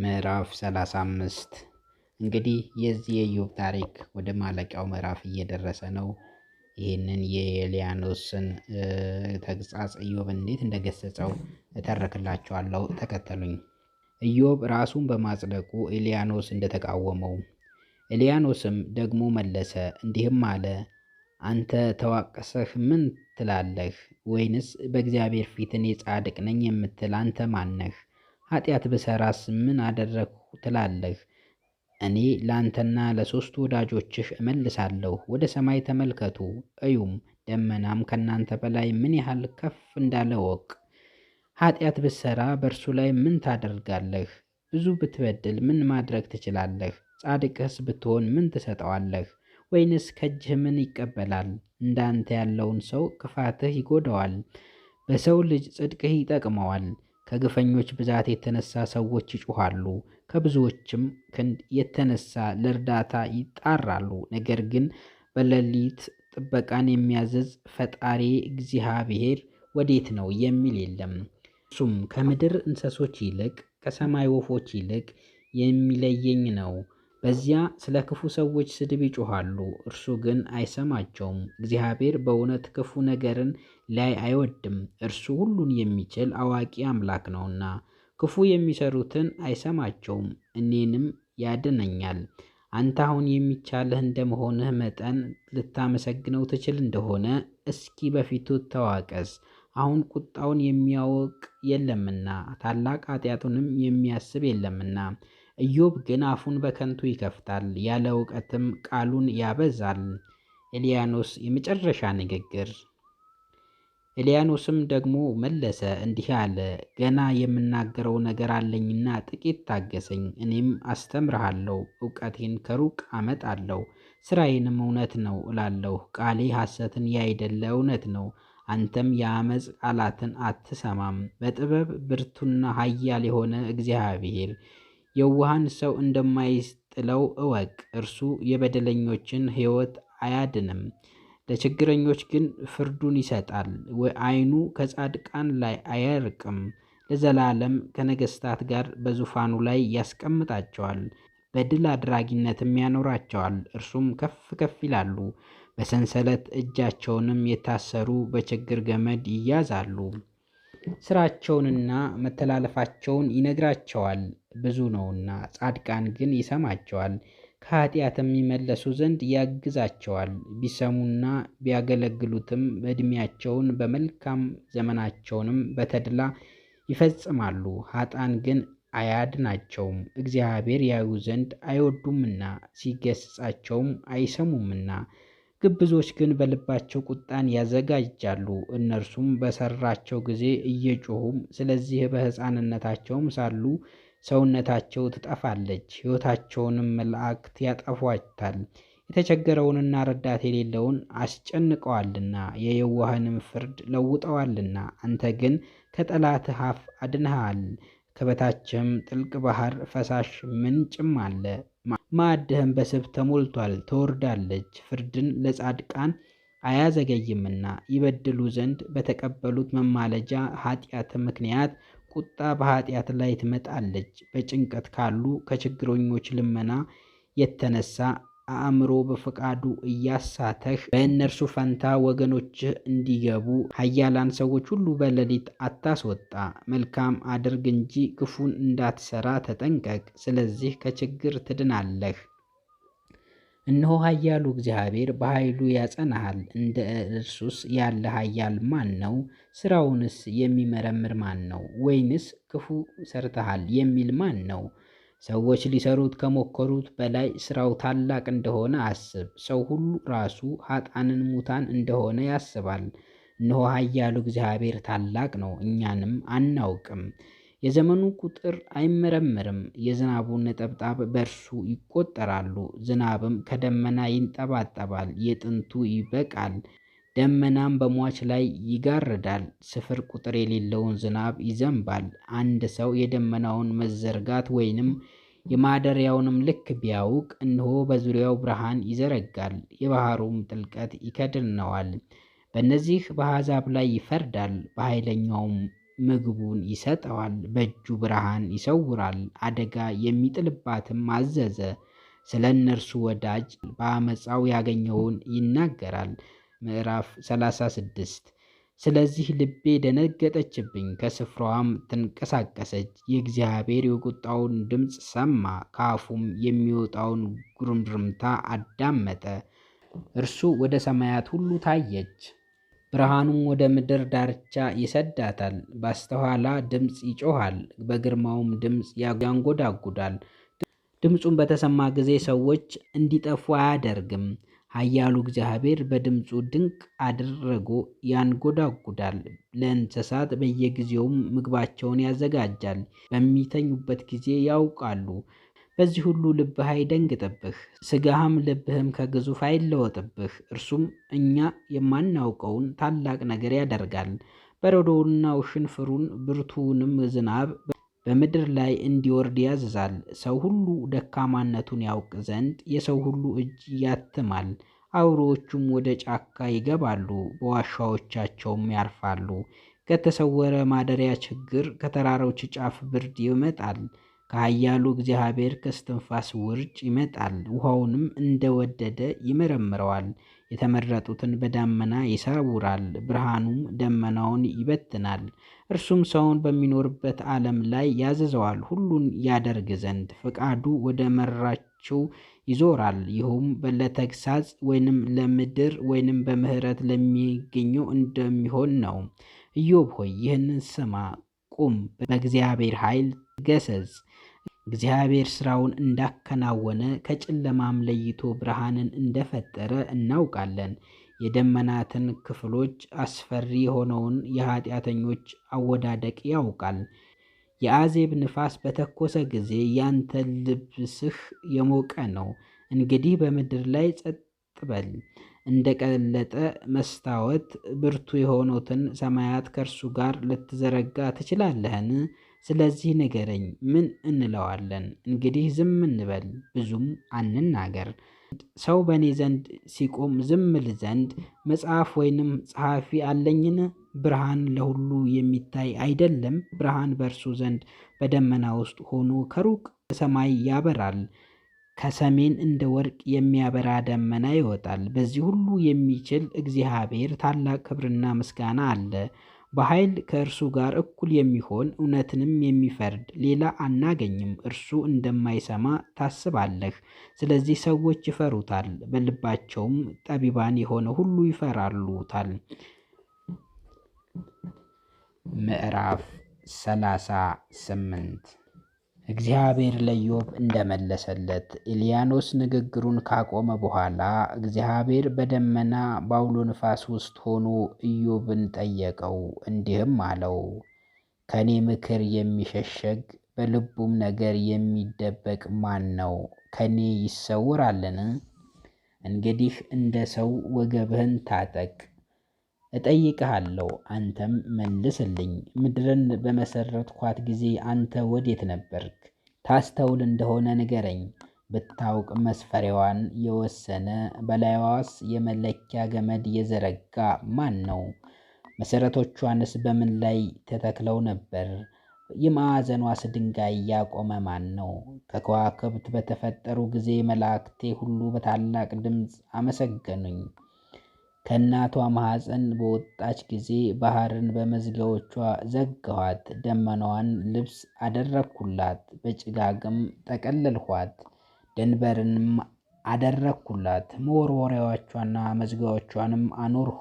ምዕራፍ 35 እንግዲህ የዚህ የኢዮብ ታሪክ ወደ ማለቂያው ምዕራፍ እየደረሰ ነው። ይህንን የኤልያኖስን ተግሳጽ ኢዮብ እንዴት እንደገሰጸው እተረክላችኋለሁ፣ ተከተሉኝ። ኢዮብ ራሱን በማጽደቁ ኤልያኖስ እንደተቃወመው፣ ኤልያኖስም ደግሞ መለሰ እንዲህም አለ አንተ ተዋቀሰህ ምን ትላለህ? ወይንስ በእግዚአብሔር ፊት እኔ ጻድቅ ነኝ የምትል አንተ ማን ነህ? ኃጢአት ብሰራስ ምን አደረግሁ ትላለህ? እኔ ላንተና ለሦስቱ ወዳጆችህ እመልሳለሁ። ወደ ሰማይ ተመልከቱ እዩም፣ ደመናም ከእናንተ በላይ ምን ያህል ከፍ እንዳለ ወቅ። ኃጢአት ብሠራ በእርሱ ላይ ምን ታደርጋለህ? ብዙ ብትበድል ምን ማድረግ ትችላለህ? ጻድቅህስ ብትሆን ምን ትሰጠዋለህ? ወይንስ ከእጅህ ምን ይቀበላል? እንዳንተ ያለውን ሰው ክፋትህ ይጎዳዋል፣ በሰው ልጅ ጽድቅህ ይጠቅመዋል። ከግፈኞች ብዛት የተነሳ ሰዎች ይጮኻሉ፣ ከብዙዎችም ክንድ የተነሳ ለእርዳታ ይጣራሉ። ነገር ግን በሌሊት ጥበቃን የሚያዘዝ ፈጣሪ እግዚአብሔር ወዴት ነው የሚል የለም። እሱም ከምድር እንስሶች ይልቅ ከሰማይ ወፎች ይልቅ የሚለየኝ ነው። በዚያ ስለ ክፉ ሰዎች ስድብ ይጮኋሉ፣ እርሱ ግን አይሰማቸውም። እግዚአብሔር በእውነት ክፉ ነገርን ላይ አይወድም፣ እርሱ ሁሉን የሚችል አዋቂ አምላክ ነውና። ክፉ የሚሰሩትን አይሰማቸውም፣ እኔንም ያድነኛል። አንተ አሁን የሚቻልህ እንደመሆንህ መጠን ልታመሰግነው ትችል እንደሆነ እስኪ በፊቱ ተዋቀስ። አሁን ቁጣውን የሚያውቅ የለምና ታላቅ ኃጢአቱንም የሚያስብ የለምና። ኢዮብ ግን አፉን በከንቱ ይከፍታል፣ ያለ እውቀትም ቃሉን ያበዛል። ኤልያኖስ የመጨረሻ ንግግር ኤልያኖስም ደግሞ መለሰ እንዲህ አለ፣ ገና የምናገረው ነገር አለኝና ጥቂት ታገሰኝ። እኔም አስተምርሃለሁ፣ እውቀቴን ከሩቅ አመጣለሁ፣ ስራዬንም እውነት ነው እላለሁ። ቃሌ ሐሰትን ያይደለ እውነት ነው። አንተም የአመፅ ቃላትን አትሰማም። በጥበብ ብርቱና ኃያል የሆነ እግዚአብሔር የውሃን ሰው እንደማይስጥለው እወቅ። እርሱ የበደለኞችን ሕይወት አያድንም ለችግረኞች ግን ፍርዱን ይሰጣል። አይኑ ከጻድቃን ላይ አያርቅም። ለዘላለም ከነገስታት ጋር በዙፋኑ ላይ ያስቀምጣቸዋል፣ በድል አድራጊነትም ያኖራቸዋል። እርሱም ከፍ ከፍ ይላሉ፣ በሰንሰለት እጃቸውንም የታሰሩ በችግር ገመድ ይያዛሉ። ስራቸውንና መተላለፋቸውን ይነግራቸዋል፣ ብዙ ነውና። ጻድቃን ግን ይሰማቸዋል። ከኃጢአትም ይመለሱ ዘንድ ያግዛቸዋል። ቢሰሙና ቢያገለግሉትም ዕድሜያቸውን በመልካም ዘመናቸውንም በተድላ ይፈጽማሉ። ሀጣን ግን አያድናቸውም፣ እግዚአብሔር ያዩ ዘንድ አይወዱምና ሲገሥጻቸውም አይሰሙምና። ግብዞች ግን በልባቸው ቁጣን ያዘጋጃሉ። እነርሱም በሰራቸው ጊዜ እየጮሁም ስለዚህ በሕፃንነታቸውም ሳሉ ሰውነታቸው ትጠፋለች፣ ሕይወታቸውንም መላእክት ያጠፏታል። የተቸገረውንና ረዳት የሌለውን አስጨንቀዋልና የየዋህንም ፍርድ ለውጠዋልና አንተ ግን ከጠላትህ አፍ አድንሃል። ከበታችህም ጥልቅ ባህር ፈሳሽ ምንጭም አለ። ማዕድህም በስብ ተሞልቷል፣ ትወርዳለች። ፍርድን ለጻድቃን አያዘገይምና ይበድሉ ዘንድ በተቀበሉት መማለጃ ኃጢአት ምክንያት ቁጣ በኃጢአት ላይ ትመጣለች። በጭንቀት ካሉ ከችግረኞች ልመና የተነሳ አእምሮ በፈቃዱ እያሳተህ በእነርሱ ፈንታ ወገኖችህ እንዲገቡ ኃያላን ሰዎች ሁሉ በሌሊት አታስወጣ። መልካም አድርግ እንጂ ክፉን እንዳትሰራ ተጠንቀቅ። ስለዚህ ከችግር ትድናለህ። እነሆ ኃያሉ እግዚአብሔር በኃይሉ ያጸናሃል። እንደ እርሱስ ያለ ኃያል ማን ነው? ሥራውንስ የሚመረምር ማን ነው? ወይንስ ክፉ ሰርተሃል የሚል ማን ነው? ሰዎች ሊሰሩት ከሞከሩት በላይ ሥራው ታላቅ እንደሆነ አስብ። ሰው ሁሉ ራሱ ኃጣንን ሙታን እንደሆነ ያስባል። እነሆ ኃያሉ እግዚአብሔር ታላቅ ነው፣ እኛንም አናውቅም። የዘመኑ ቁጥር አይመረመርም። የዝናቡ ነጠብጣብ በእርሱ ይቆጠራሉ። ዝናብም ከደመና ይንጠባጠባል። የጥንቱ ይበቃል። ደመናም በሟች ላይ ይጋርዳል። ስፍር ቁጥር የሌለውን ዝናብ ይዘንባል። አንድ ሰው የደመናውን መዘርጋት ወይንም የማደሪያውንም ልክ ቢያውቅ እነሆ በዙሪያው ብርሃን ይዘረጋል፣ የባህሩም ጥልቀት ይከድነዋል። በእነዚህ በአሕዛብ ላይ ይፈርዳል፣ በኃይለኛውም ምግቡን ይሰጠዋል፣ በእጁ ብርሃን ይሰውራል፣ አደጋ የሚጥልባትም አዘዘ። ስለ እነርሱ ወዳጅ በአመፃው ያገኘውን ይናገራል። ምዕራፍ 36 ስለዚህ ልቤ ደነገጠችብኝ፣ ከስፍራዋም ትንቀሳቀሰች የእግዚአብሔር የቁጣውን ድምፅ ሰማ፣ ከአፉም የሚወጣውን ጉርምርምታ አዳመጠ። እርሱ ወደ ሰማያት ሁሉ ታየች። ብርሃኑም ወደ ምድር ዳርቻ ይሰዳታል። በስተኋላ ድምፅ ይጮኋል፣ በግርማውም ድምፅ ያንጎዳጉዳል። ድምፁን በተሰማ ጊዜ ሰዎች እንዲጠፉ አያደርግም። ኃያሉ እግዚአብሔር በድምፁ ድንቅ አድርጎ ያንጎዳጉዳል። ለእንስሳት በየጊዜውም ምግባቸውን ያዘጋጃል። በሚተኙበት ጊዜ ያውቃሉ። በዚህ ሁሉ ልብህ አይደንግጥብህ፣ ስጋህም ልብህም ከግዙፍ አይለወጥብህ። እርሱም እኛ የማናውቀውን ታላቅ ነገር ያደርጋል። በረዶውንና ውሽንፍሩን ብርቱውንም ዝናብ በምድር ላይ እንዲወርድ ያዝዛል። ሰው ሁሉ ደካማነቱን ያውቅ ዘንድ የሰው ሁሉ እጅ ያትማል። አውሬዎቹም ወደ ጫካ ይገባሉ፣ በዋሻዎቻቸውም ያርፋሉ። ከተሰወረ ማደሪያ ችግር ከተራሮች ጫፍ ብርድ ይመጣል። ከኃያሉ እግዚአብሔር ከስትንፋስ ውርጭ ይመጣል፣ ውኃውንም እንደወደደ ይመረምረዋል። የተመረጡትን በዳመና ይሰውራል፣ ብርሃኑም ደመናውን ይበትናል። እርሱም ሰውን በሚኖርበት ዓለም ላይ ያዘዘዋል፣ ሁሉን ያደርግ ዘንድ ፈቃዱ ወደ መራችው ይዞራል። ይህም ለተግሳጽ ወይንም ለምድር ወይንም በምሕረት ለሚገኘው እንደሚሆን ነው። ኢዮብ ሆይ ይህንን ስማ፣ ቁም፣ በእግዚአብሔር ኃይል ገሰጽ እግዚአብሔር ሥራውን እንዳከናወነ ከጨለማም ለይቶ ብርሃንን እንደፈጠረ እናውቃለን። የደመናትን ክፍሎች አስፈሪ የሆነውን የኃጢአተኞች አወዳደቅ ያውቃል። የአዜብ ንፋስ በተኮሰ ጊዜ ያንተ ልብስህ የሞቀ ነው። እንግዲህ በምድር ላይ ጸጥ በል፣ እንደ ቀለጠ መስታወት ብርቱ የሆኑትን ሰማያት ከእርሱ ጋር ልትዘረጋ ትችላለህን? ስለዚህ ንገረኝ፣ ምን እንለዋለን? እንግዲህ ዝም እንበል፣ ብዙም አንናገር። ሰው በእኔ ዘንድ ሲቆም ዝም ል ዘንድ መጽሐፍ ወይንም ጸሐፊ አለኝን? ብርሃን ለሁሉ የሚታይ አይደለም? ብርሃን በእርሱ ዘንድ በደመና ውስጥ ሆኖ ከሩቅ ሰማይ ያበራል። ከሰሜን እንደ ወርቅ የሚያበራ ደመና ይወጣል። በዚህ ሁሉ የሚችል እግዚአብሔር ታላቅ ክብርና ምስጋና አለ። በኃይል ከእርሱ ጋር እኩል የሚሆን እውነትንም የሚፈርድ ሌላ አናገኝም። እርሱ እንደማይሰማ ታስባለህ። ስለዚህ ሰዎች ይፈሩታል፣ በልባቸውም ጠቢባን የሆነ ሁሉ ይፈራሉታል። ምዕራፍ ሰላሳ ስምንት እግዚአብሔር ለኢዮብ እንደመለሰለት። ኤልያኖስ ንግግሩን ካቆመ በኋላ እግዚአብሔር በደመና በአውሎ ንፋስ ውስጥ ሆኖ ኢዮብን ጠየቀው፣ እንዲህም አለው ከእኔ ምክር የሚሸሸግ በልቡም ነገር የሚደበቅ ማን ነው? ከእኔ ይሰውራልን? እንግዲህ እንደ ሰው ወገብህን ታጠቅ እጠይቅሃለሁ አንተም መልስልኝ። ምድርን በመሰረትኳት ጊዜ አንተ ወዴት ነበርክ? ታስተውል እንደሆነ ንገረኝ። ብታውቅ መስፈሪያዋን የወሰነ በላይዋስ የመለኪያ ገመድ የዘረጋ ማን ነው? መሰረቶቿንስ በምን ላይ ተተክለው ነበር? የማዕዘኗስ ድንጋይ ያቆመ ማን ነው? ከከዋክብት በተፈጠሩ ጊዜ መላእክቴ ሁሉ በታላቅ ድምፅ አመሰገኑኝ። ከእናቷ ማኅፀን በወጣች ጊዜ ባሕርን በመዝጊያዎቿ ዘጋኋት። ደመናዋን ልብስ አደረግሁላት፣ በጭጋግም ጠቀለልኋት። ድንበርንም አደረግሁላት፣ መወርወሪያዎቿና መዝጊያዎቿንም አኖርሁ።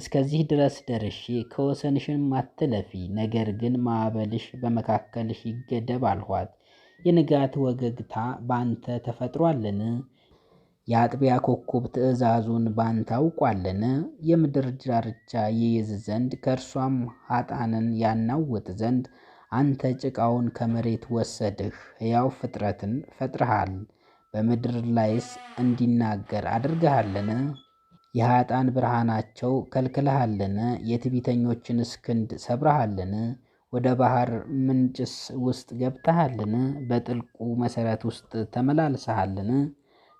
እስከዚህ ድረስ ደርሼ ከወሰንሽም አትለፊ፣ ነገር ግን ማዕበልሽ በመካከልሽ ይገደብ አልኋት። የንጋት ወገግታ በአንተ ተፈጥሮአልን? የአጥቢያ ኮከብ ትእዛዙን ባንታውቋለን የምድር ዳርቻ ይይዝ ዘንድ ከእርሷም ኃጣንን ያናውጥ ዘንድ አንተ ጭቃውን ከመሬት ወሰድህ። ሕያው ፍጥረትን ፈጥረሃል፣ በምድር ላይስ እንዲናገር አድርገሃልን? የሀጣን ብርሃናቸው ከልክለሃልን? የትቢተኞችን እስክንድ ሰብረሃልን? ወደ ባህር ምንጭስ ውስጥ ገብተሃልን? በጥልቁ መሠረት ውስጥ ተመላልሰሃልን?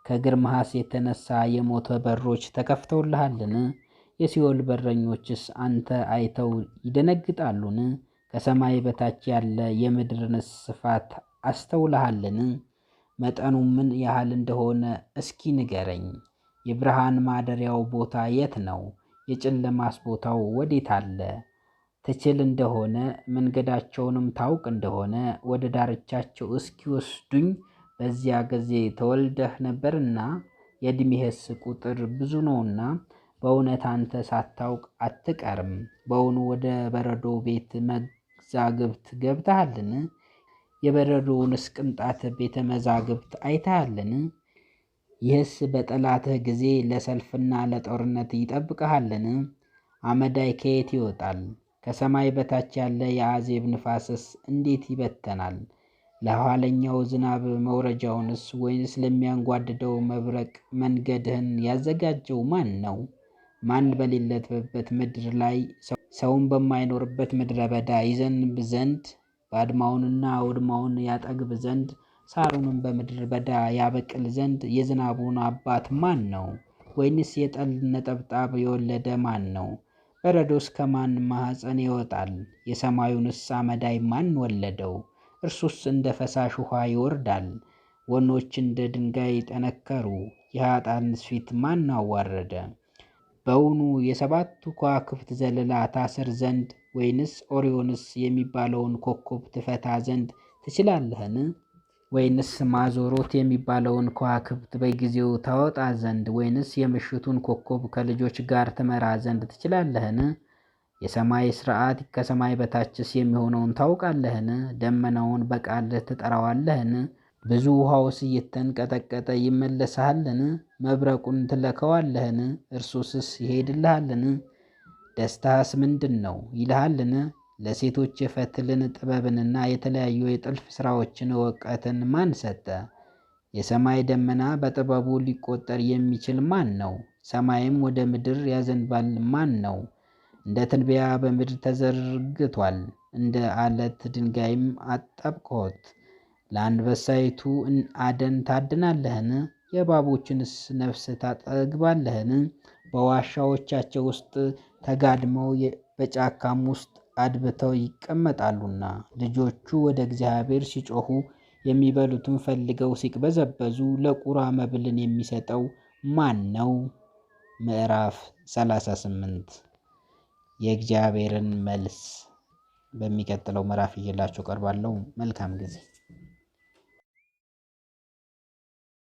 ከግርማሃስ የተነሳ የሞተ በሮች ተከፍተውልሃልን? የሲኦል በረኞችስ አንተ አይተው ይደነግጣሉን? ከሰማይ በታች ያለ የምድርን ስፋት አስተውልሃልን? መጠኑ ምን ያህል እንደሆነ እስኪ ንገረኝ። የብርሃን ማደሪያው ቦታ የት ነው? የጨለማስ ቦታው ወዴት አለ? ትችል እንደሆነ መንገዳቸውንም ታውቅ እንደሆነ ወደ ዳርቻቸው እስኪወስዱኝ በዚያ ጊዜ ተወልደህ ነበርና የዕድሜህስ ቁጥር ብዙ ነውና በእውነት አንተ ሳታውቅ አትቀርም። በውኑ ወደ በረዶ ቤት መዛግብት ገብተሃልን? የበረዶውንስ ቅምጣት ቤተ መዛግብት አይተሃልን? ይህስ በጠላትህ ጊዜ ለሰልፍና ለጦርነት ይጠብቀሃልን? አመዳይ ከየት ይወጣል? ከሰማይ በታች ያለ የአዜብ ንፋስስ እንዴት ይበተናል? ለኋለኛው ዝናብ መውረጃውንስ ወይንስ ለሚያንጓድደው መብረቅ መንገድህን ያዘጋጀው ማን ነው? ማን በሌለበት ምድር ላይ ሰውን በማይኖርበት ምድረ በዳ ይዘንብ ዘንድ ባድማውንና አውድማውን ያጠግብ ዘንድ ሳሩንም በምድር በዳ ያበቅል ዘንድ የዝናቡን አባት ማን ነው? ወይንስ የጠል ነጠብጣብ የወለደ ማን ነው? በረዶስ ከማን ማኅፀን ይወጣል? የሰማዩንስ አመዳይ ማን ወለደው? እርሱስ እንደ ፈሳሽ ውኃ ይወርዳል። ወኖች እንደ ድንጋይ ጠነከሩ፣ የኃጥአን ፊት ማን አዋረደ? በውኑ የሰባቱ ከዋክብት ዘለላ ታስር ዘንድ ወይንስ ኦሪዮንስ የሚባለውን ኮከብ ትፈታ ዘንድ ትችላለህን? ወይንስ ማዞሮት የሚባለውን ከዋክብት በጊዜው ታወጣ ዘንድ ወይንስ የምሽቱን ኮከብ ከልጆች ጋር ትመራ ዘንድ ትችላለህን? የሰማይ ስርዓት ከሰማይ በታችስ የሚሆነውን ታውቃለህን? ደመናውን በቃልህ ትጠራዋለህን? ብዙ ውሃውስ እየተንቀጠቀጠ ይመለስሃልን? መብረቁን ትለከዋለህን? እርሱስስ ይሄድልሃልን? ደስታስ ምንድን ነው ይልሃልን? ለሴቶች የፈትልን ጥበብንና የተለያዩ የጥልፍ ሥራዎችን እውቀትን ማን ሰጠ? የሰማይ ደመና በጥበቡ ሊቆጠር የሚችል ማን ነው? ሰማይም ወደ ምድር ያዘንባል ማን ነው? እንደ ትንቢያ በምድር ተዘርግቷል፣ እንደ አለት ድንጋይም አጣብቆት። ለአንበሳይቱ አደን ታድናለህን? የእባቦችንስ ነፍስ ታጠግባለህን? በዋሻዎቻቸው ውስጥ ተጋድመው በጫካም ውስጥ አድብተው ይቀመጣሉና ልጆቹ ወደ እግዚአብሔር ሲጮኹ የሚበሉትን ፈልገው ሲቅበዘበዙ ለቁራ መብልን የሚሰጠው ማን ነው? ምዕራፍ 38 የእግዚአብሔርን መልስ በሚቀጥለው ምዕራፍ እየላችሁ ቀርባለሁ። መልካም ጊዜ